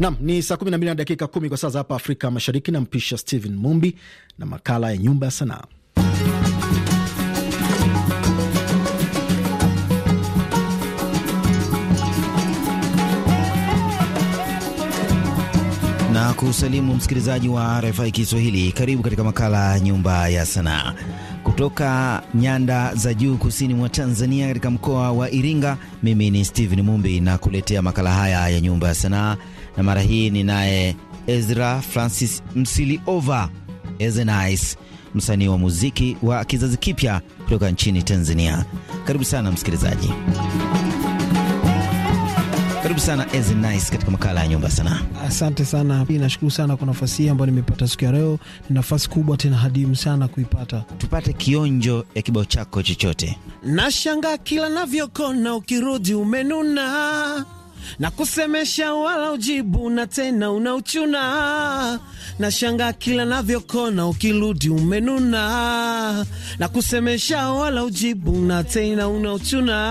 Nam ni saa 12 na dakika 1 kwa saa za hapa Afrika Mashariki. Nampisha stephen Mumbi na makala ya Nyumba ya Sanaa. na kusalimu msikilizaji wa RFI Kiswahili. Karibu katika makala nyumba ya sanaa kutoka nyanda za juu kusini mwa Tanzania, katika mkoa wa Iringa. Mimi ni Steven Mumbi na kuletea makala haya ya nyumba ya sanaa na mara hii naye Ezra Francis Msiliova ezenis msanii wa muziki wa kizazi kipya kutoka nchini Tanzania. Karibu sana msikilizaji, karibu sana ezenis katika makala ya nyumba sanaa. Asante sana, nashukuru sana kwa nafasi hii ambayo nimepata siku ya leo. Ni nafasi kubwa tena hadimu sana kuipata. Tupate kionjo ya kibao chako chochote. Nashangaa kila navyokona, ukirudi umenuna na kusemesha wala ujibu na tena unauchuna na shanga kila navyokona ukirudi umenuna na kusemesha wala ujibu na tena unauchuna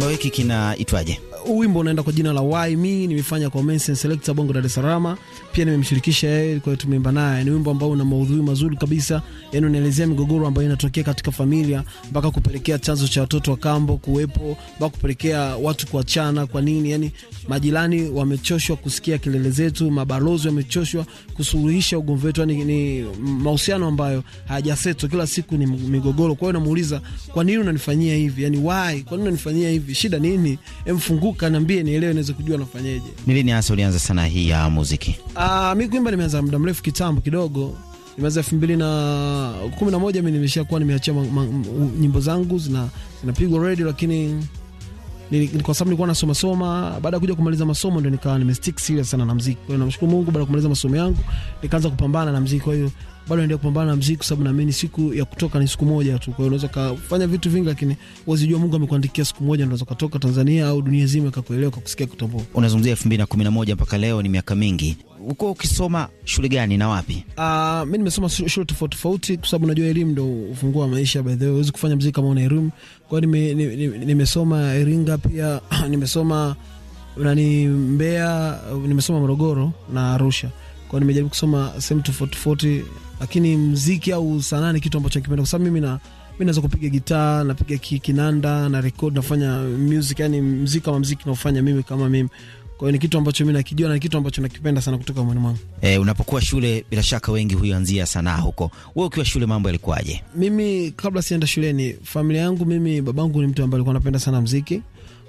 Kibao hiki kinaitwaje? huu wimbo unaenda kwa jina la Why Me, nimefanya kwa Mensen Selector Bongo Dar es Salaam, pia nimemshirikisha yeye, kwa hiyo tumeimba naye. Ni wimbo ambao una maudhui mazuri kabisa, yani unaelezea migogoro ambayo inatokea katika familia mpaka kupelekea chanzo cha watoto wa kambo kuwepo mpaka kupelekea watu kuachana. Kwa nini? Yani majirani wamechoshwa kusikia kelele zetu, mabalozi wamechoshwa kusuluhisha ugomvi wetu. Ni, ni mahusiano ambayo hayajaseto, kila siku ni migogoro. Kwa hiyo namuuliza, kwa nini unanifanyia hivi? Yani why, kwa nini unanifanyia hivi? Shida nini? Emfunguka, niambie, nielewe, niweze kujua nafanyeje. Ni lini hasa ulianza sana hii ya muziki? Ah, mimi kuimba nimeanza muda mrefu kitambo kidogo nimeanza elfu mbili na kumi na moja mi nimeshakuwa nimeachia nyimbo zangu zinapigwa zina redio, lakini kwa sababu nilikuwa nasoma soma, baada ya kuja kumaliza masomo ndio nikawa nimestick serious sana na muziki. Kwa hiyo namshukuru Mungu, baada ya kumaliza masomo yangu nikaanza kupambana na muziki. Kwa hiyo bado naendelea kupambana na muziki kwa sababu naamini siku ya kutoka ni siku moja tu. Kwa hiyo unaweza kufanya vitu vingi, lakini wazijua Mungu amekuandikia siku moja, unaweza kutoka Tanzania au dunia nzima ikakuelewa, kusikia kutoboa. Unazungumzia 2011 mpaka leo ni miaka mingi uko ukisoma shule gani na wapi? Uh, mi nimesoma shule tofauti tofauti, kwa sababu najua elimu ndo ufungua maisha. By the way, huwezi kufanya mziki kama una elimu. Kwa hiyo nimesoma Iringa pia nimesoma nani Mbeya, nimesoma Morogoro na Arusha. Kwa hiyo nimejaribu kusoma sehemu tofauti tofauti, lakini mziki au sanaa ni kitu ambacho nakipenda, kwa sababu mimi na mi naweza kupiga gitaa, napiga kinanda na rekodi, nafanya music, yani mziki kama mziki naofanya mimi kama mimi kwa hiyo ni kitu ambacho mimi nakijua na kitu ambacho nakipenda sana kutoka mwani mwangu. E, eh, unapokuwa shule bila shaka wengi huanzia sanaa huko. Wewe ukiwa shule mambo yalikuwaje? Mimi kabla sienda shuleni, familia yangu mimi babangu ni mtu ambaye alikuwa anapenda sana muziki.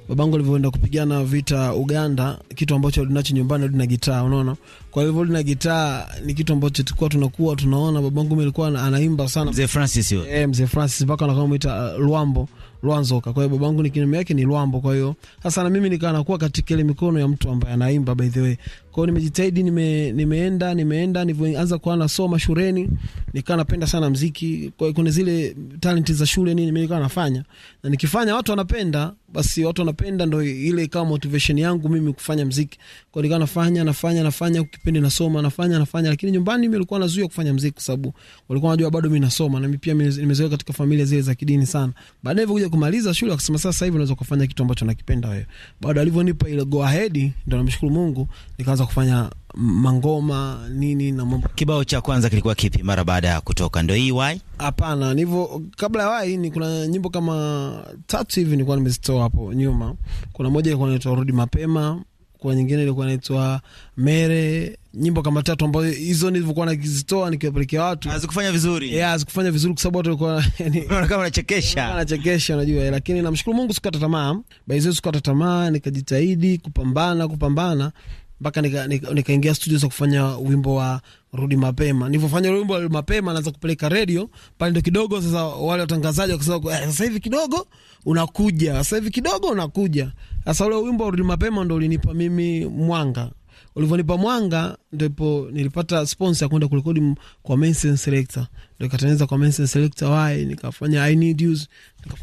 Babangu alivyoenda kupigana vita Uganda, kitu ambacho alinacho nyumbani alikuwa na gitaa, unaona. Kwa hivyo alikuwa gitaa ni kitu ambacho tulikuwa tunakuwa tunaona babangu alikuwa anaimba sana. Mzee Francis yule. Eh, Mzee Francis mpaka anakuwa muita uh, Luambo. Lwanzoka. Kwa hiyo babangu ni kinyume yake ni Lwambo. Kwa hiyo sasa na mimi nikaa nakuwa katika ile mikono ya mtu ambaye anaimba by the way kwao nimejitahidi, nime, nimeenda nimeenda nilivyoanza kuwa nasoma shuleni nikawa napenda sana mziki. kwao kuna zile talenti za shule nini mimi nikawa nafanya, na nikifanya watu wanapenda, basi watu wanapenda, ndo ile ikawa motivation yangu mimi kufanya mziki. kwao nikawa nafanya nafanya nafanya, kipindi nasoma nafanya nafanya, lakini nyumbani mimi nilikuwa nazuia kufanya mziki kwa sababu walikuwa wanajua bado mimi nasoma, na mimi pia nimezoea katika familia zile za kidini sana. Baadaye nilivyokuja kumaliza shule wakasema, sasa hivi unaweza kufanya kitu ambacho nakipenda wewe. Baada alivyonipa ile go ahead, ndo namshukuru Mungu nikaanza kuanza kufanya mangoma nini na mambo. Kibao cha kwanza kilikuwa kipi mara baada ya kutoka? Ndio hii wai? Hapana, nivyo kabla ya wai ni kuna nyimbo kama tatu hivi nilikuwa nimezitoa hapo nyuma. Kuna moja ilikuwa inaitwa rudi mapema, kuna nyingine ilikuwa inaitwa mere, nyimbo kama tatu ambazo hizo nilivyokuwa nakizitoa nikiwapelekea watu hazikufanya vizuri. Yeah, hazikufanya vizuri kwa sababu watu walikuwa yani kama wanachekesha, wanachekesha unajua, lakini namshukuru Mungu sikukata tamaa, by the sikukata tamaa, nikajitahidi kupambana kupambana mpaka nikaingia nika, nika studio za kufanya wimbo wa rudi mapema. Nilivyofanya wimbo wa rudi mapema, naanza kupeleka redio pale, ndo kidogo sasa wale watangazaji wakisema eh, sasa hivi kidogo unakuja, sasa hivi kidogo unakuja. Sasa ule wimbo wa rudi mapema ndo ulinipa mimi mwanga ulivyonipa mwanga ndipo nilipata sponsor ya kwenda kurekodi kwa Mason Selector, ndio katengeneza kwa Mason Selector wai nikafanya I need you.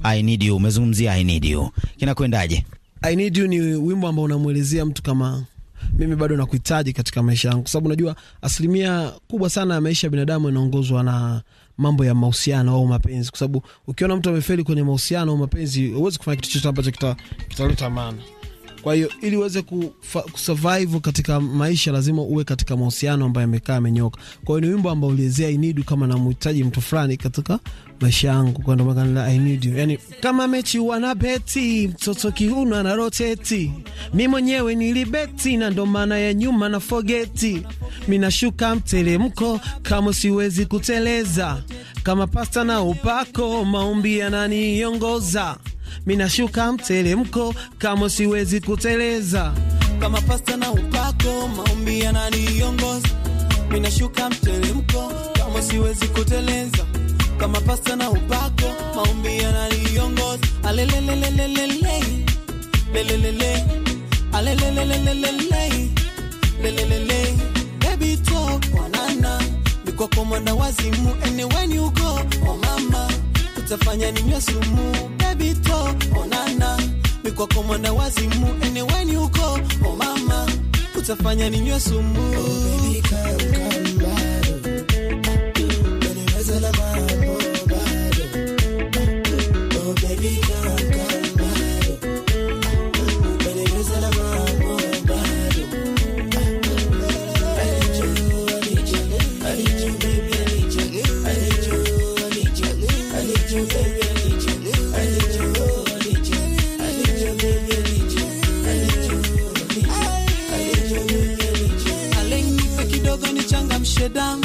I need you, umezungumzia I need you, kinakwendaje? I need you ni wimbo ambao unamwelezea mtu kama mimi bado nakuhitaji katika maisha yangu, kwa sababu unajua asilimia kubwa sana ya maisha ya binadamu inaongozwa na mambo ya mahusiano au mapenzi, kwa sababu ukiona mtu amefeli kwenye mahusiano au mapenzi, huwezi kufanya kitu chochote ambacho kitaleta kita maana kwa hiyo ili uweze kusurvive katika maisha lazima uwe katika mahusiano ambayo yamekaa yamenyoka. Kwa hiyo ni wimbo ambao ulielezea I need you kama namhitaji mtu fulani katika maisha yangu, kwa ndio maana I need you. Yani kama mechi wana beti mtoto kiuno ana roteti, mi mwenyewe nilibeti na ndo maana ya nyuma na forgeti, nashuka mteremko kama siwezi kuteleza, kama pasta na upako maombi yananiongoza minashuka mtelemko, kama siwezi kuteleza kama pasta na upako, maombi yananiongoza minashuka mtelemko, kama siwezi kuteleza kama pasta na upako, maombi yananiongoza alelelelelelele lelelele alelelelelelele lelelele baby talk wanana niko kwa mwana wazimu and when you go oh mama nitafanya ni sumu baby to onana mikwako mwana wazimu eneweni uko oh mama utafanya ni sumu oh, damu,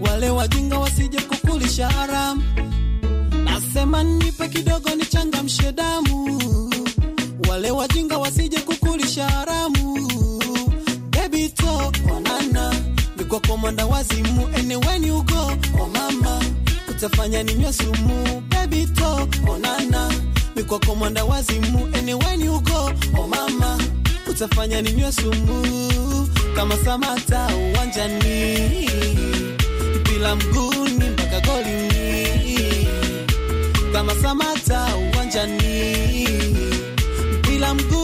wale wajinga wasije kukulisha haramu. Nasema nipe kidogo nichangamshe damu, wale wajinga wasije kukulisha haramu. Baby to onana niko kwa mwanda wazimu, anywhere you go oh mama utafanya ninywe sumu. Baby to onana niko kwa mwanda wazimu, anywhere you go oh mama utafanya ninywe sumu kama Samata uwanjani, mpira mguuni mpaka golini, kama Samata uwanjani, mpira mguuni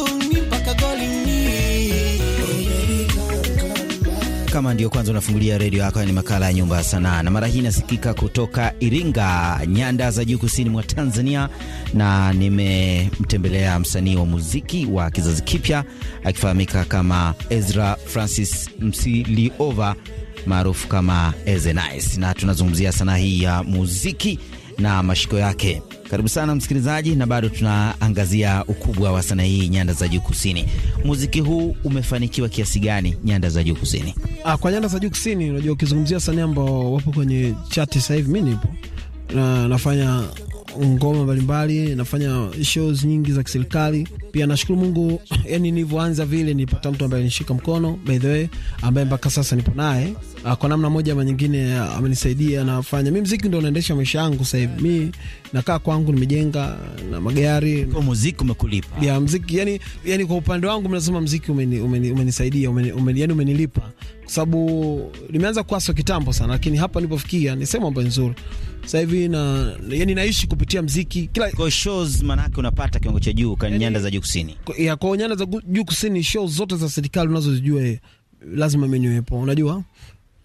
Kama ndio kwanza unafungulia redio yako, ni makala ya Nyumba ya Sanaa, na mara hii nasikika kutoka Iringa, nyanda za juu kusini mwa Tanzania, na nimemtembelea msanii wa muziki wa kizazi kipya akifahamika kama Ezra Francis Msiliova maarufu kama Eze na tunazungumzia sanaa hii ya muziki na mashiko yake. Karibu sana msikilizaji, na bado tunaangazia ukubwa wa sanaa hii nyanda za juu kusini. Muziki huu umefanikiwa kiasi gani nyanda za juu kusini? Ah, kwa nyanda za juu kusini, unajua ukizungumzia wasanii ambao wapo kwenye chati sasa hivi, mimi nipo na nafanya ngoma mbalimbali, nafanya shows nyingi za kiserikali pia. Nashukuru Mungu, yani nilivyoanza vile nilipata mtu ambaye nishika mkono, by the way, ambaye mpaka sasa nipo naye ah, kwa namna moja ama nyingine, ah, amenisaidia nafanya mimi. Muziki ndio unaendesha maisha yangu sasa hivi, mimi nakaa kwangu, nimejenga na magari. Kwa muziki umekulipa? Ya muziki, yani yani kwa upande wangu mnasema muziki umeni, umeni, umeni, umeni, yani umenilipa, kwa sababu nimeanza kuaso kitambo sana, lakini hapa nilipofikia ni sema ambayo nzuri sasa hivi na yani naishi kupitia mziki kila kwa shows, manake unapata kiwango cha juu kwa nyanda za juu kusini, ya kwa nyanda za juu kusini. Shows zote za serikali unazozijua eh, lazima menyewepo, unajua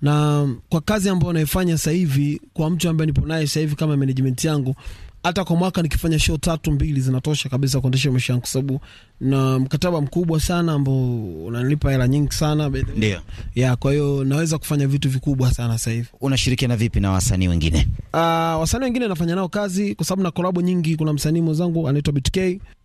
na kwa kazi ambayo naifanya sasa hivi, kwa mtu ambaye nipo naye sasa hivi kama management yangu, hata kwa mwaka nikifanya show tatu mbili zinatosha kabisa kuendesha maisha yangu, kwa sababu na mkataba mkubwa sana ambao unanilipa hela nyingi sana. Ndio ya, kwa hiyo naweza kufanya vitu vikubwa sana sasa hivi. Unashirikiana vipi na wasanii wengine? Uh, wasanii wengine nafanya nao kazi kwa sababu na kolabo nyingi. Kuna msanii mwenzangu anaitwa BTK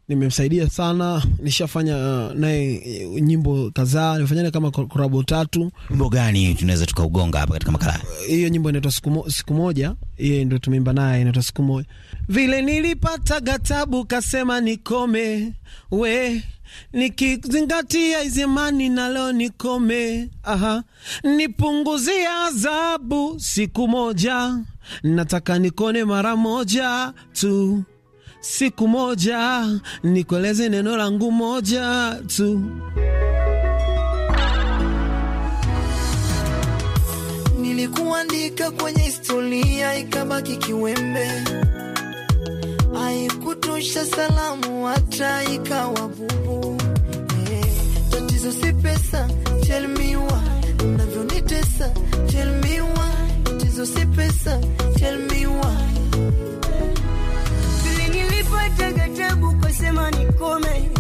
nimemsaidia sana, nishafanya uh, naye uh, nyimbo kadhaa, nimefanya kama korabo tatu. Nyimbo gani tunaweza tukaugonga hapa katika makala uh, hiyo? Nyimbo inaitwa siku, mo, siku moja, hiyo ndio tumeimba naye, inaitwa siku moja. Vile nilipata gatabu, kasema nikome we nikizingatia izimani nalo nikome, aha, nipunguzia adhabu siku moja, nataka nikone mara moja tu siku moja nikueleze neno langu moja tu. Nilikuandika kwenye historia ikabaki kiwembe, haikutosha salamu hata ikawa bubu. Eh, tatizo si pesa, tell me why, navyonitesa, tell me why, tatizo si pesa, tell me why money come.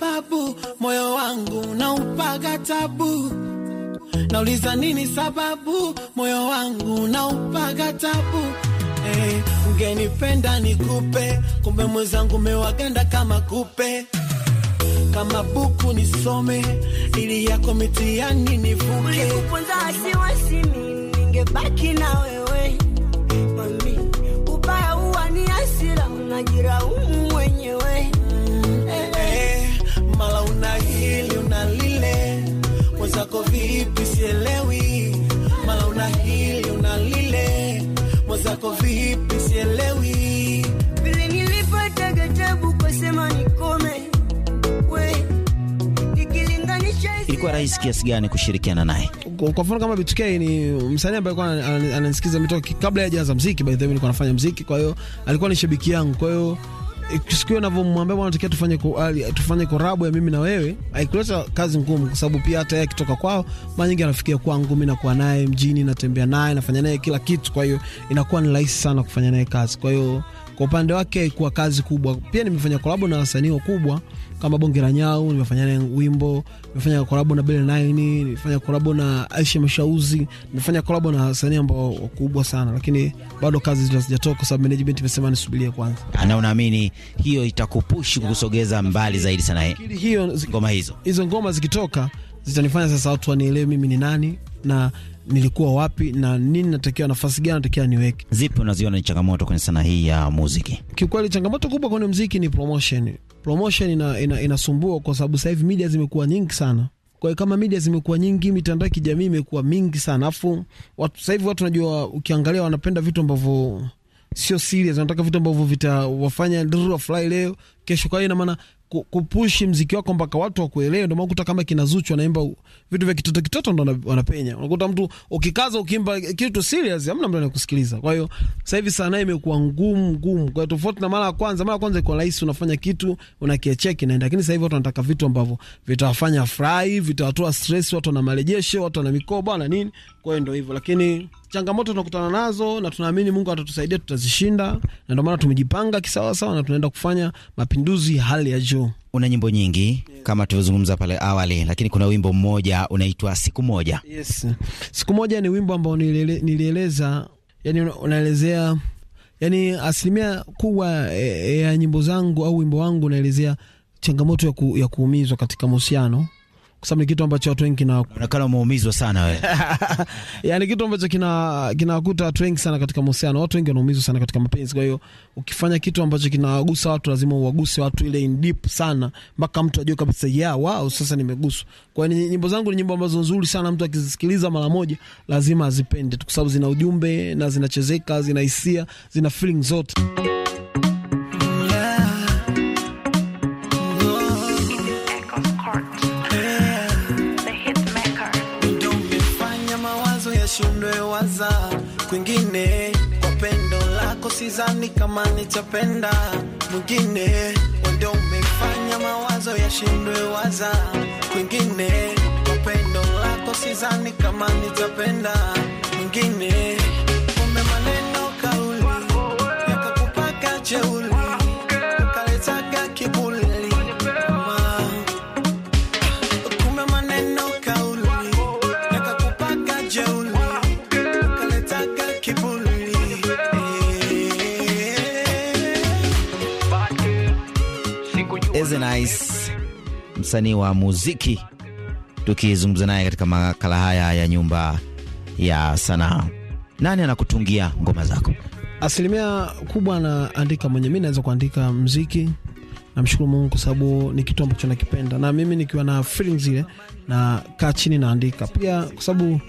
sababu moyo wangu na upaga tabu, nauliza nini sababu moyo wangu na upaga tabu. Hey, eh, ungenipenda nikupe, kumbe mwenzangu mewaganda kama kupe, kama buku nisome, ili yako mitihani nivuke. Ulikuponza wasiwasi, mimi ningebaki na wewe mami, ubaya huwa ni hasira, unajiraumu yako vipi? Sielewi, mala una hili una lile, mwenzako vipi? Sielewi vile nilipata gatabu kusema nikome we Ilikuwa rahisi kiasi gani kushirikiana naye? Kwa mfano kama BTK ni msanii ambaye alikuwa ananisikiza mitoki kabla ya jaza muziki, by the way nilikuwa nafanya muziki, kwa hiyo alikuwa ni shabiki yangu, kwa hiyo siku navyomwambia bwana, tukia tufanye tufanye korabu ya mimi na wewe, haikuleta kazi ngumu, kwa sababu pia hata yeye akitoka kwao mara nyingi anafikia kwangu, mi nakuwa naye mjini, natembea naye, nafanya naye kila kitu. Kwa hiyo inakuwa ni rahisi sana kufanya naye kazi, kwa hiyo kwa upande wake kuwa kazi kubwa. Pia nimefanya kolabo na wasanii wakubwa kama Bonge la Nyau, nimefanya naye wimbo, nimefanya kolabo na bele Nine, nimefanya kolabo na Aisha Mashauzi, nimefanya kolabo na wasanii ambao wakubwa sana, lakini bado kazi zinazijatoka kwa sababu management imesema nisubirie kwanza. Ana ah, unaamini hiyo itakupushi kukusogeza mbali zaidi sana eh? hiyo ngoma hizo. Hizo ngoma zikitoka zitanifanya sasa watu wanielewe mimi ni nani na nilikuwa wapi na nini natakiwa, nafasi gani natakiwa niweke. Zipi unaziona ni changamoto kwenye sanaa hii ya muziki? Kiukweli, changamoto kubwa kwenye muziki ni promotion. Promotion ina, ina, inasumbua kwa sababu sasa hivi media zimekuwa nyingi sana kwa hiyo kama media zimekuwa nyingi, mitandao ya kijamii imekuwa mingi sana, afu watu sasa hivi watu najua, ukiangalia wanapenda vitu ambavyo sio serious, wanataka vitu ambavyo vitawafanya duru leo, kesho. Kwa hiyo ina maana kupushi mziki wako mpaka watu wakuelewe. Ndio maana kama kina Zuchu anaimba vitu vya kitoto kitoto, ndo wanapenya. Unakuta mtu ukikaza ukimba kitu serious, hamna mtu anakusikiliza. Kwa hiyo sasa hivi sanaa imekuwa ngumu ngumu, kwa tofauti na mara ya kwanza. Mara ya kwanza ilikuwa rahisi, unafanya kitu unakiacheki naenda, lakini sasa hivi watu wanataka vitu ambavyo vitawafanya furahi, vitawatoa stress, watu wana marejesho, watu wana mikoba na nini. Kwa hiyo ndio hivyo, lakini changamoto tunakutana nazo, na tunaamini Mungu atatusaidia, tutazishinda, na ndio maana tumejipanga kisawasawa na tunaenda kufanya mapinduzi hali ya juu. Una nyimbo nyingi yes, kama tulivyozungumza pale awali, lakini kuna wimbo mmoja unaitwa siku moja. Yes, siku moja ni wimbo ambao nilieleza, yani unaelezea, yani asilimia kubwa ya e, e, nyimbo zangu au wimbo wangu unaelezea changamoto ya, ku, ya kuumizwa katika mahusiano kwa sababu ni kitu ambacho watu wengi kina unaonekana umeumizwa sana wewe. Yaani kitu ambacho kina kinawakuta watu wengi sana katika mahusiano, watu wengi wanaumizwa sana katika mapenzi. Kwa hiyo ukifanya kitu ambacho kinawagusa watu, lazima uwaguse watu ile in deep sana mpaka mtu ajue kabisa yeah, wow, sasa nimeguswa. Kwa hiyo nyimbo zangu ni nyimbo ambazo nzuri sana, mtu akizisikiliza mara moja lazima azipende, kwa sababu zina ujumbe na zinachezeka, zina hisia, zina feeling zote. kama nitapenda mwingine, wendo umefanya mawazo yashindwe waza kwingine, upendo lako sizani kama nitapenda mwingine msanii wa muziki, tukizungumza naye katika makala haya ya nyumba ya sanaa. Nani anakutungia ngoma zako? Asilimia kubwa anaandika mwenye. Mi naweza kuandika mziki, namshukuru Mungu kwa sababu ni kitu ambacho nakipenda, na mimi nikiwa na feelings zile na kaa chini naandika pia, kwa sababu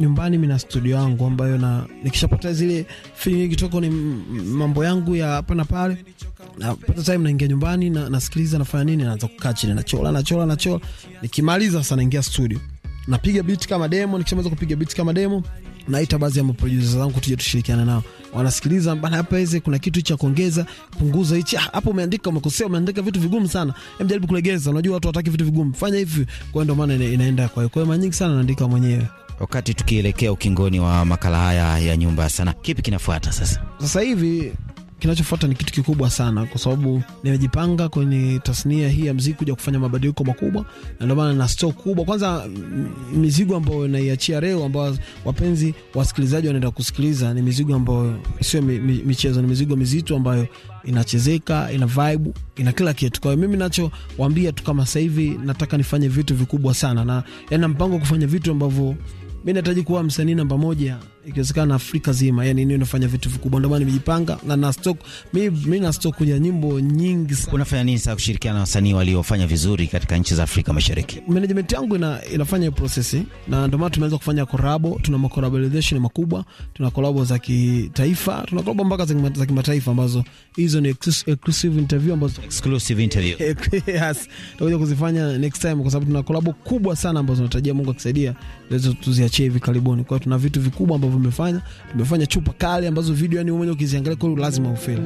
nyumbani mina studio yangu ambayo na nikishapata zile feeling ikitoka ni mambo yangu ya hapa na pale, napata time naingia nyumbani na, nasikiliza nafanya nini, naanza kukaa chini nachola nachola nachola, nikimaliza sasa naingia studio napiga beat kama demo. Nikishamaliza kupiga beat kama demo naita baadhi ya maproducer zangu tuje tushirikiane nao, wanasikiliza bana, hapa hizi kuna kitu cha kuongeza, punguza hichi ah, hapo, umeandika umekosea, umeandika vitu vigumu sana, jaribu kulegeza. Unajua watu wataki vitu vigumu, fanya hivi. Kwa ndio maana inaenda kwa hiyo, mara nyingi sana naandika mwenyewe. Wakati tukielekea ukingoni wa makala haya ya nyumba sana, kipi kinafuata sasa? Sasa hivi kinachofuata ni kitu kikubwa sana, kwa sababu nimejipanga kwenye tasnia hii ya mziki kuja kufanya mabadiliko makubwa, na ndio maana na stock kubwa. Kwanza mizigo ambayo naiachia leo, ambayo wapenzi wasikilizaji wanaenda kusikiliza, ni mizigo ambayo sio mi, mi, michezo, ni mizigo mizito ambayo inachezeka, ina vibe, ina kila kitu. Kwa hiyo mimi nachowaambia tu, kama sasa hivi nataka nifanye vitu vikubwa sana, na yana yaani mpango kufanya vitu ambavyo mi nahitaji kuwa msanii namba moja ikiwezekana Afrika zima, yani nini nafanya vitu vikubwa, ndio maana nimejipanga na na stock mimi mimi na stock kwenye nyimbo nyingi sana. Unafanya nini sasa kushirikiana na wasanii waliofanya vizuri katika nchi za Afrika Mashariki? Management yangu ina, inafanya hiyo process na ndio maana tumeanza kufanya collab, tuna collaboration makubwa, tuna collab za kitaifa, tuna collab mpaka za kimataifa ambazo hizo ni exclusive interview ambazo exclusive interview. Yes. Tutakuja kuzifanya next time kwa sababu tuna collab kubwa sana ambazo tunatarajia Mungu akisaidia tuziachie hivi karibuni. Kwa hiyo tuna vitu vikubwa ambavyo ambavyo umefanya tumefanya chupa kale ambazo video yani mwenyewe ukiziangalia kweli lazima ufeli.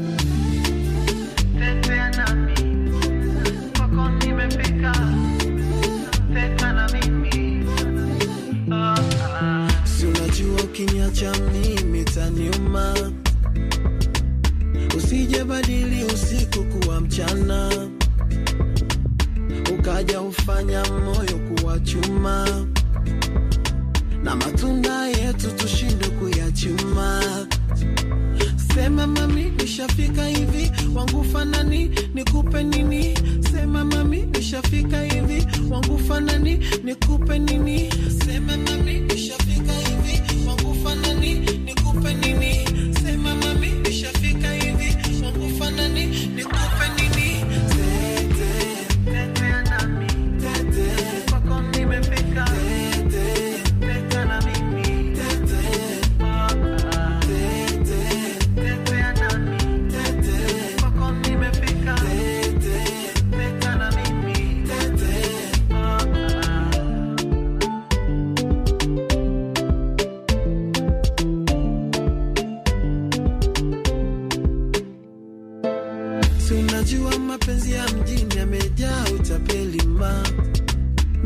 Si ukiniacha mimi taniuma, usije badili usiku kuwa mchana, ukaja ufanya moyo kuwa chuma na matunda yetu tushindwe kuyachuma. Sema mami, nishafika hivi, wangu fanani, nikupe nini? Sema mami, nishafika hivi, wangu fanani, nikupe nini? Sema mami, nishafika hivi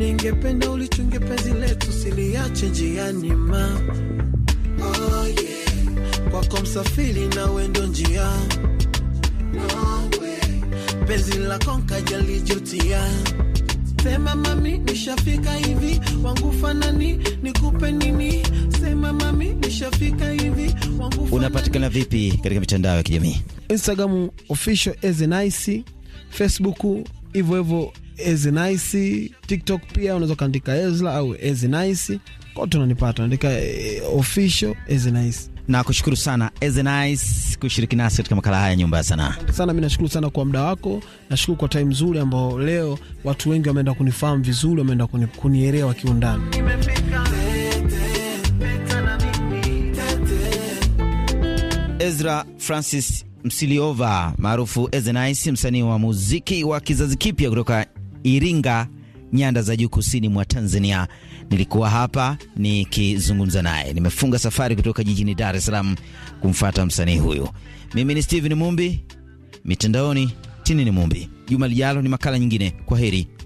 ningependa ulichunge penzi letu siliache njiani ma oh, yeah. kwako msafiri na wendo njia no penzi lako nkajalijutia sema mami nishafika hivi wangu fanani nikupe nini sema mami nishafika hivi wangu fanani. unapatikana vipi katika mitandao ya kijamii Instagram official as nice Facebook hivyo hivyo Ezinaisi. TikTok pia unaweza ukaandika Ezra au Ezinaisi, kote unanipata, andika eh, official Na kushukuru sana Ezenice kushiriki nasi katika makala haya nyumba ya sanaa sana. Mi nashukuru sana kwa muda wako, nashukuru kwa time nzuri ambao leo watu wengi wameenda kunifahamu vizuri, wameenda kunielewa kiundani. Ezra Francis Msiliova maarufu Ezenice, msanii wa muziki wa kizazi kipya kutoka Iringa, nyanda za juu kusini mwa Tanzania. Nilikuwa hapa nikizungumza naye. Nimefunga safari kutoka jijini Dar es Salaam kumfuata msanii huyu. Mimi ni Steven Mumbi, mitandaoni tini ni Mumbi. Juma lijalo ni makala nyingine. Kwa heri.